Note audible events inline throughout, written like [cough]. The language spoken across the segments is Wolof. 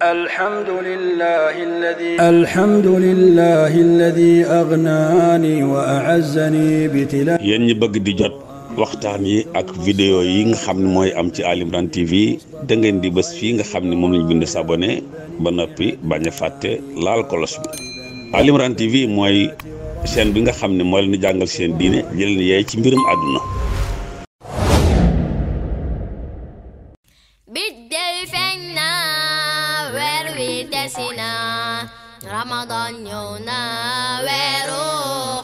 الحمد لله الذي الحمد لله الذي أغناني وأعزني ñi bëgg di jot waxtaan yi ak vidéo yi nga xam ne mooy am ci Ali Imran TV da di bés fii nga xam ni moom lañ bind s'abonner ba noppi bañ a fàtte mooy chaîne bi nga xam ne moo leen jàngal seen diine jëleen yeey ci mbirum àdduna Ramadan ñëw na weeru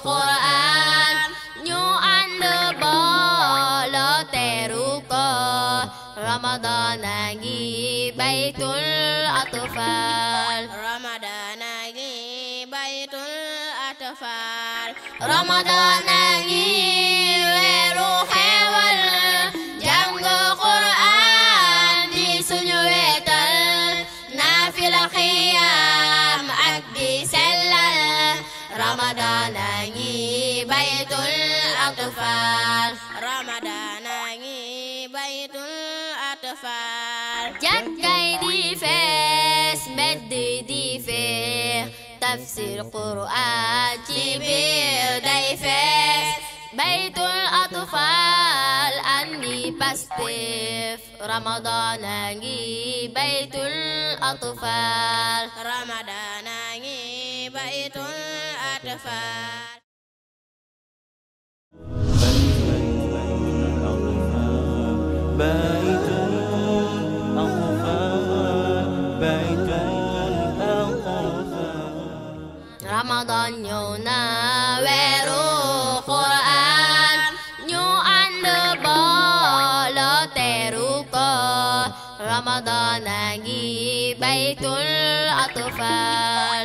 Qur'an ñu ànd boolo teeru Ramadan a ngi baytul atfal a ngi Ramadaan a ngi baytul atfaal Ramadaan a ngi baytul atfaal jàkkay di fees mbedd di fees tafsir Qur'aan ci biir day fees baytul atfaal andi Pastef Ramadaan a ngi baytul atfaal Ramadaan a ngi baytul Faal Ramadan ñëw na weeru Qur'an ñu ànd boolo teeru ko Ramadan a ngi baytul atfal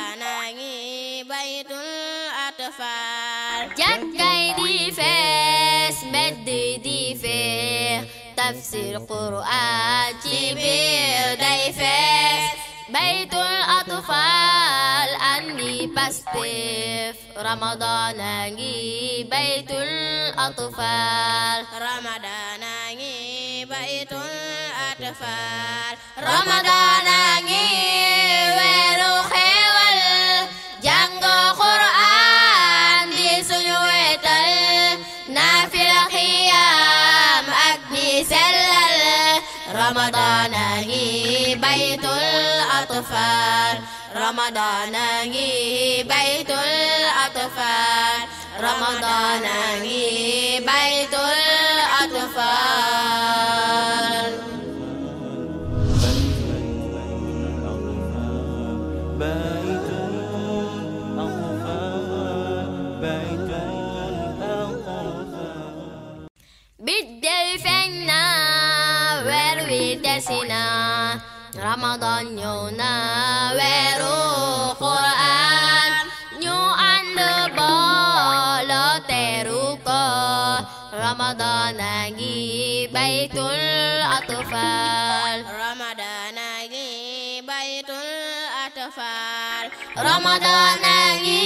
tafsir qur'an ci biir day fees baytul atfal andi Pastef Ramadan a ngi baytul atfal Ramadan a ngi baytul atfal Ramadan a ngi weeru xeer رمضان هي بيت الأطفال رمضان هي بيت الأطفال رمضان هي بيت الأطفال sina ramadan ñëw na weeru quraan ñu ànd boolo teeru ko ramadan a ngi baytul atfal ngi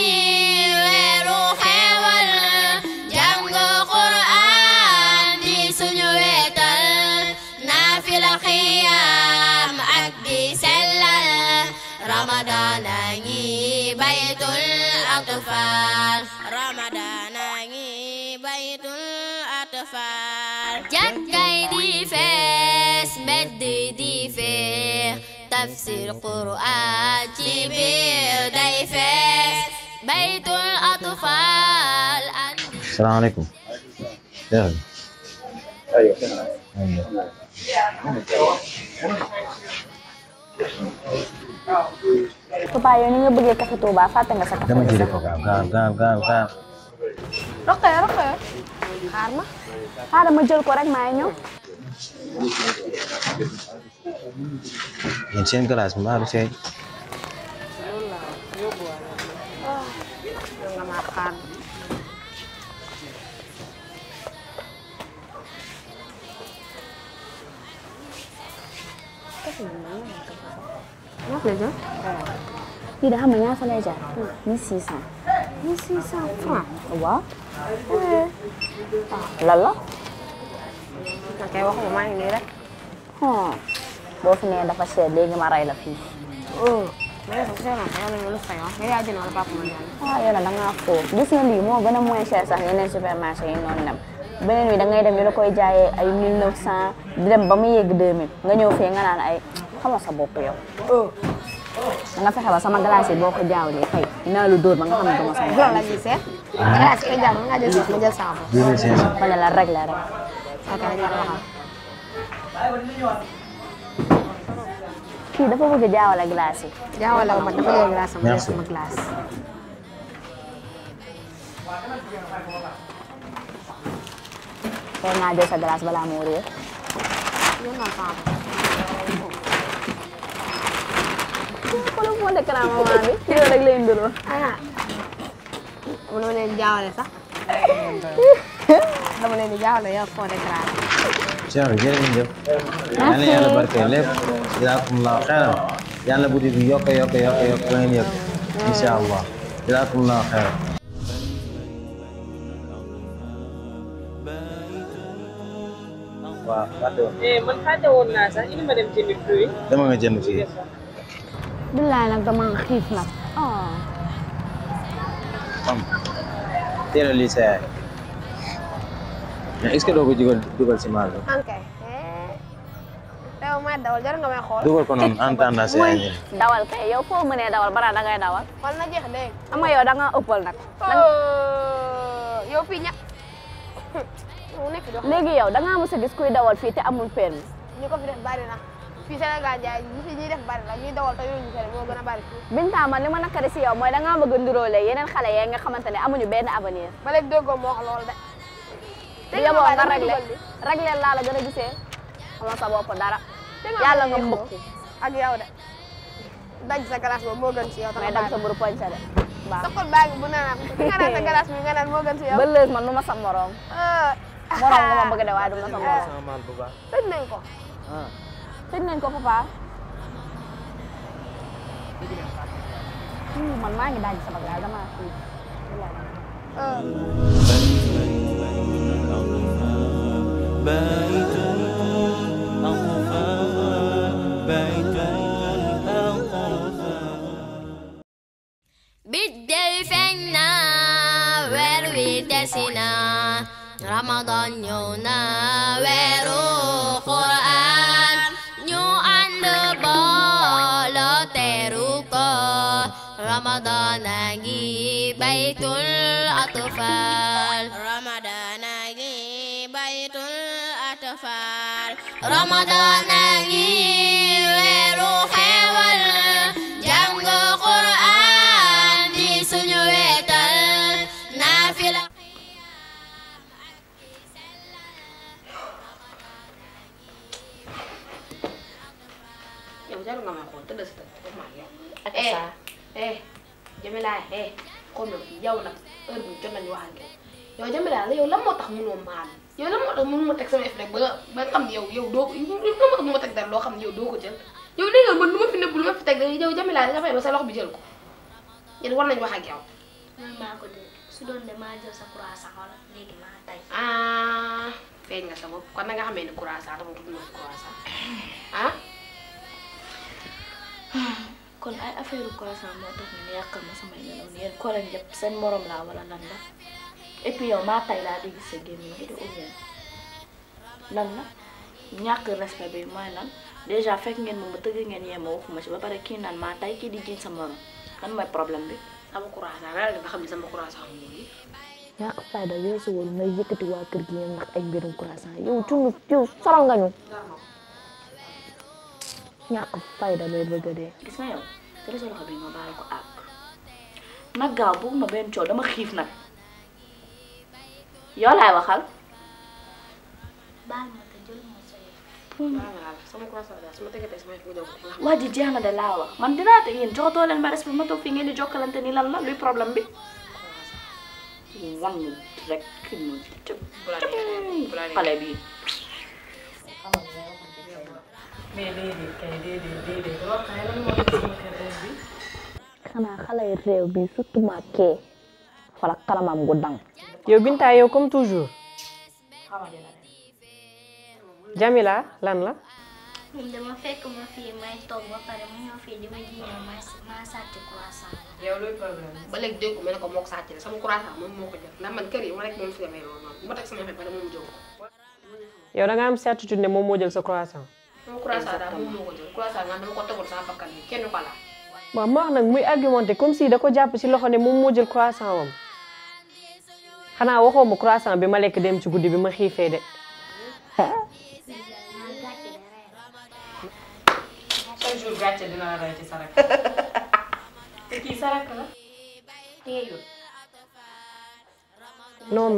Ramadan a ngi baytul atfal Ramadan a ngi baytul atfal jàkkay di fees mbedd di fees tafsir Qur'an ci biir day fees baytul atfal salaamaaleykum aywa papa yow ni nga bëggee café Touba fàtte nga sa café. dama jëlee ko gaaw gaaw gaaw gaaw gaaw. ma xaaral ma jël ko rek maa ngi ñëw. yéen seen glace maa ngi seey. Thank you. ñaata lay jar. lii de xam nga ñaata lay jar. 1600. 1600 francs. waaw. ah lan la. nga koy wax maa ngi nii rek. boo fi nee dafa seet léegi ma rey la fii. mais yow sax gis nga lii moo gën a moins cher sax yeneen supermarché yi noonu dem beneen bi da ngay dem ñu la koy jaayee ay 1900 di dem ba mu yegg 2000 nga ñëw fee nga naan ay. xamoo sa bopp yow. da nga fexe ba sama glace yi boo ko jaawlee tey naa lu dóor ba nga xam ne dama sama. loolu la ñuy seet. glace yi koy jaaw mën ngaa jël sama jël sama bopp. 2500. ma ne la rek la rek. ok rek la waxal. kii dafa bëgg jaawale glace yi. jaawale wu ma dafa jël glace sama jël sama glace. tey naa jël sa glace balaa moo réer. xoolal moo nekk naa maman bi ci loolu rek lay nduroo. ah mënoo leen jaawale sax. dama leen di jaawale yow foo nekk naa. Cheikh jërëjëf. yal na yàlla barkeel lépp. jazakumullahu xeyran. yàlla bu di yokk yokk yokk yokk ba ngeen yëg. incha allah jazakumullahu xeyran. waaw fàtte woon. man fàtte woon naa sax indi ma dem jëndi fruit. dama nga jënd fii. billaay nag dama xiif nag. ah. Oh. am a lii yaay mais est-ce que ko jugal dugal si maal bi. ok. nga may xool. dugal ko noonu en tant que dawal kay yow eh. foo mënee dawal baraa da ngay dawal. xool jeex de. ama oh. yow [coughs] danga nga ëppal nag. yow fii ña. léegi da nga gis kuy dawal fii te amul permis. ñu fii Sénégal jaay ñi fi ñuy def bari la ñuy gën a bari. Binta man li ma nakari si yow mooy da ngaa bëgg a nduróole yeneen xale yee nga xamante ne ñu benn avenir. ba léegi déggoo moo wax loolu de. dégg nga la gën a gisee xamal sa bopp dara. yàlla nga mbëkk ak yow de. daj sa glace boobu moo gën si yow. tamit daj sa buru poñ sa de. waaw sa xol baa ngi bu naan gën si ba léegi man nu ma sa moroom ah. morom nga ma bëgg de waaye ma sa ah. morom. tëj nañ ko ah. tëj nañ ko papa. man maa ngi daal sama gaal damaa fi. رمضان جي بيت الأطفال رمضان جي بيت الأطفال رمضان جي ويرو خيوال جنگ قرآن دي سنو ويتال نافلة yow jarul nga maa xool tëdd sa tëdd ak saa eh Jamila eh xool na yow nag heure bi jot nañu wax ak yow Jamila yow lan moo tax munoo maal yow lan moo tax mënu ma teg sama yëf rek ba nga xam ne yow yow doo ko lan loo xam ne yow doo ko jël yow nee nga man lu ma fi nëbb lu ma fi teg yow Jamila dafay sa bi jël ko yéen war nañu wax ak yow. ko dégg su doon jël sa croissant wala léegi maa tay. Ah, feeñ nga sa bopp kon na xamee ne croissant dama tudd ma croissant. kon ay affaire croissant moo tax ñu yàqal ma samay nelaw ni yéen seen morom laa di gis sa gémmiñ gi la ñàkk respect bi mooy lan déjà fekk ngeen moom ma tëgg ngeen yee ma ci ba pare kii naan maa tay kii di jiiñ sa morom lan problème bi. sama croissant laa nga xam ne sama croissant moom yi. waa kër gi ñoom ay mbirum croissant yow tuuti yow soral nga ñu. ñàkk fayda may bëgg a dee. gis nga yow dara sa loxo bi nga ko àgg nag gaaw bëgg benn coow dama xiif nag yow laay waxal. baal ma te jël hmm. jeex na de laa wax man dinaa te yéen joxatoo leen ma respect ma toog fii ngeen di jokkalante ni lan la luy problème bi. wan rek kii mu xale bi. mais déedéet kay déedéet lan xanaa xale yi réew bi surtout ma kee kalamam gu dang. yow Binta yow comme toujours. Jamila lan la. ñun dama fekk ma fii may toog pare mu ñëw fii di ma ji ñëw ma croissant. moo ko sàcc moom moo ko jël ndax man kër yi ma rek moom fi demee noonu yow da am certitude ne moom moo jël sa croissant. moom croissant daal moom moo ko jël croissant man dama ko tegul sama bakkan bi kenn ko laal. waaw ma wax nag muy argumenté comme si da ko jàpp ci loxo ne moom jël croissant wam bi ma lekk dem ci guddi bi ma xiifee [laughs] kii sarak la. non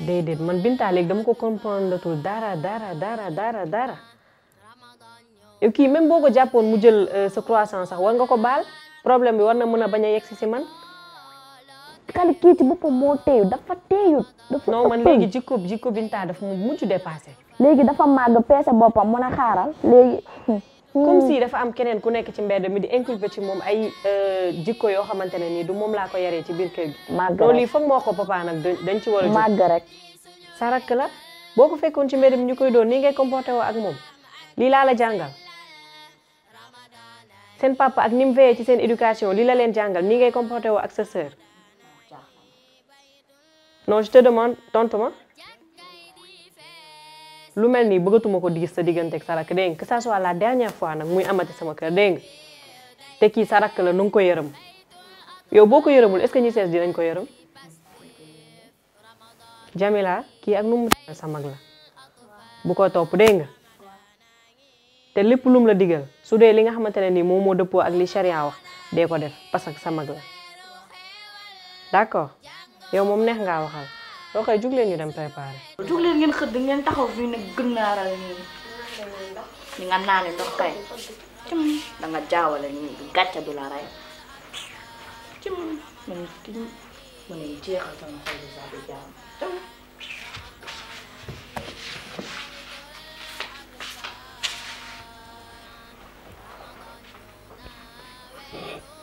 déedéet man Binta léegi dama ko comprendre tul dara dara dara dara dara yow kii même boo ko jàppoon mu jël euh, sa croissant sax war nga ko baal problème bi war na mën a bañ a yegsi si man. kali kii ci boppam moo teeyu dafa teeyut. dafa non jikko jikko Binta dafa mu mujj dépassé. léegi dafa màgg peese boppam mun a xaaral léegi. comme hmm. si dafa am keneen ku nekk ci mbedd mi di inculper ci moom ay euh, jikko yoo xamante ne nii du moom laa ko yaree ci biir kër gi. màgg rek loolu yi foog moo ko papa nag dañ ci war a. màgg rek. sa rakk la boo ko fekkoon ci mbedd mi ñu koy doon nii ngay comporté woo ak moom lii laa la jàngal seen papa ak ni mu veillé ci seen éducation lii la leen jàngal nii ngay comporté wo ak sa sœur. non je te demande tontu ma. lu mel nii bëggatuma ko gis sa diggante ak sa rakk dégg nga que ça soit la dernière fois nag muy amati sama kër dégg nga te kii sa rakk la nu nga ko yërëm yow boo ko yërëmul est ce que ñi sees dinañ ko yërëm Jamila kii ak nu mu sa mag la bu ko topp dégg nga te lépp lu mu la diggal su dee li nga xamante ne nii moom moo dëppoo ak li charia wax dee ko def parce que sa mag la d'accord yow moom neex ngaa waxal soo koy yi leen ñu dem préparer. jug leen ngeen xëdd ngeen taxaw fii nag gën naa ral nii ni nga ndox kay cim da nga jaawale nii gàcce du la rey cim man tiñ mu ne jeexal di jaam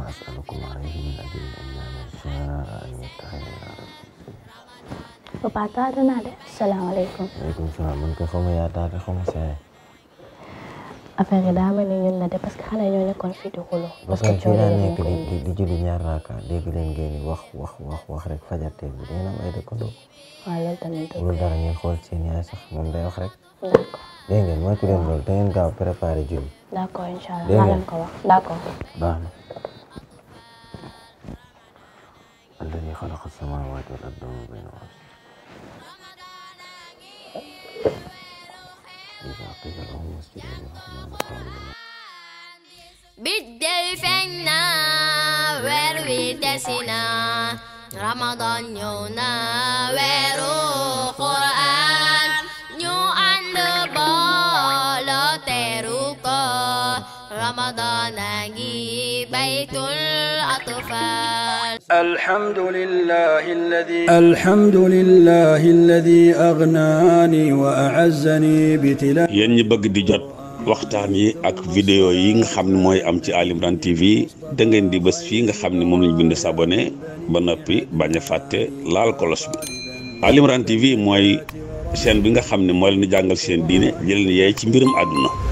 وأسألكم عليه من أجر a من شاء أن يتخذ إلى ربه. papa taata naa de salaamaaleykum. waaleykum salaam man ko xaw yaa taata xaw ma saa affaire yi daa mel ni ñun la de parce que xale ñoo nekkoon fii di xuloo. parce que di di julli ngeen wax wax wax wax rek fajar tey bi dangeen am ay dëkkandoo. waaw loolu xool seen yaay wax rek. d'accord dégg ngeen mooy ku leen loolu dangeen gaaw préparé julli. d'accord incha ko الذي خلق السماوات والأرض وما بينهما إذا قيل لهم اسجدوا للرحمن قالوا بالدلف النار ويتسنا رمضان يونا ويرو قرآن نيو عند بالو تيروكو رمضان أجي بيت الأطفال الحمد لله ñi bëgg di jot waxtaan yi ak vidéo yi nga xam ne mooy am ci Ali Imran TV da di bés fii nga xam ne moom lañ bind sabone ba noppi bañ a fàtte laal kolos bi Ali Imran TV mooy seen bi nga xam ne mooy leen di jàngal seen diine jëleen yaay ci mbirum àdduna